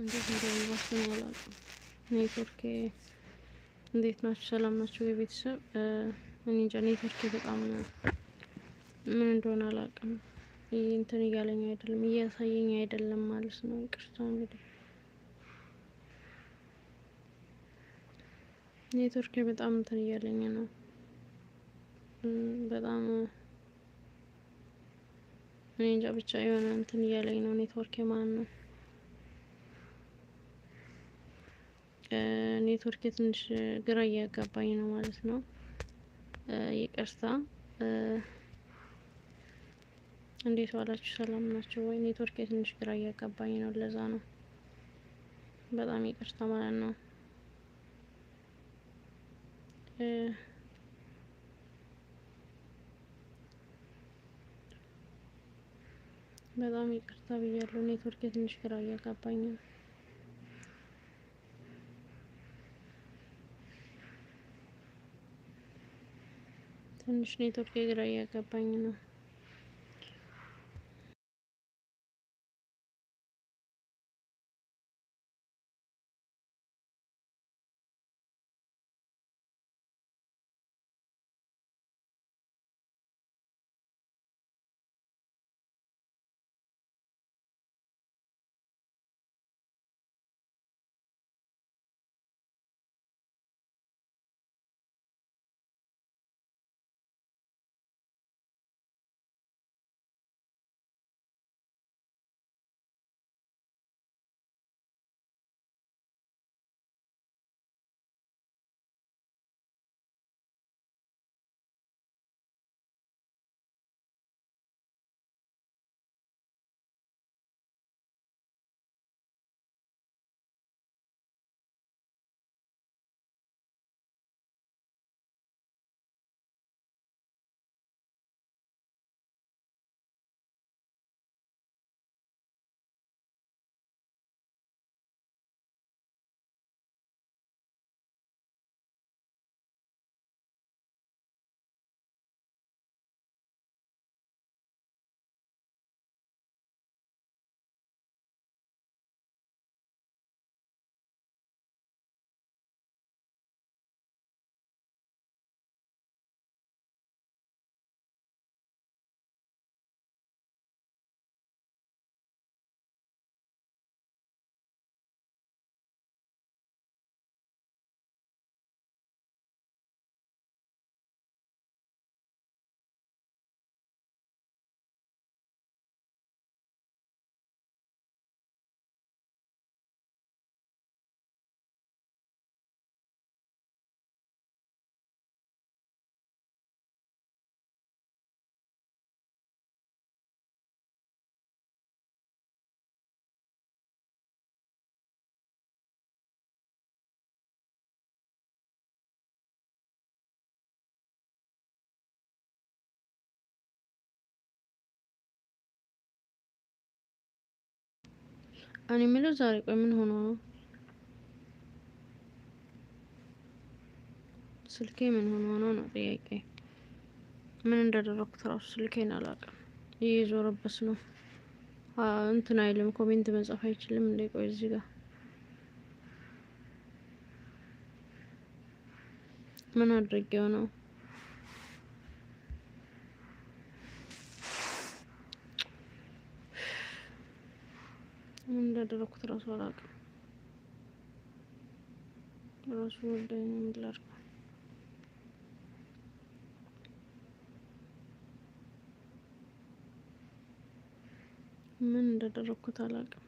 እንዴት እንደሚባስ ነው አላውቅም። ኔትወርክ እንዴት ናቸው? ሰላም ናቸው የቤተሰብ እኔ እንጃ። ኔትወርክ በጣም ምን እንደሆነ አላውቅም። እንትን እያለኝ አይደለም፣ እያሳየኝ አይደለም ማለት ነው። ይቅርታ እንግዲህ ኔትወርክ በጣም እንትን እያለኝ ነው። በጣም እኔ እንጃ ብቻ የሆነ እንትን እያለኝ ነው ኔትወርክ ማለት ነው። ኔትወርክ ትንሽ ግራ እያጋባኝ ነው ማለት ነው። ይቅርታ። እንዴት ዋላችሁ? ሰላም ናቸው ወይ? ኔትወርክ ትንሽ ግራ እያጋባኝ ነው፣ ለዛ ነው። በጣም ይቅርታ ማለት ነው። በጣም ይቅርታ ብያለሁ። ኔትወርክ ትንሽ ግራ እያጋባኝ ነው። ትንሽ ኔትወርክ ግራ እያጋባኝ ነው። እኔ የምለው ዛሬ ቆይ ምን ሆኖ ነው? ስልኬ ምን ሆኖ ነው ነው ጥያቄ። ምን እንዳደረኩት ራሱ ስልኬን አላውቅም። እየዞረበት ነው እንትን አይልም። ኮሜንት መጻፍ አይችልም። እንደ ቆይ እዚህ ጋር ምን አድርጌው ነው? ምን እንዳደረኩት ራሱ አላውቅም። ራሱ ወዳኝ ምላር ምን እንዳደረኩት አላውቅም።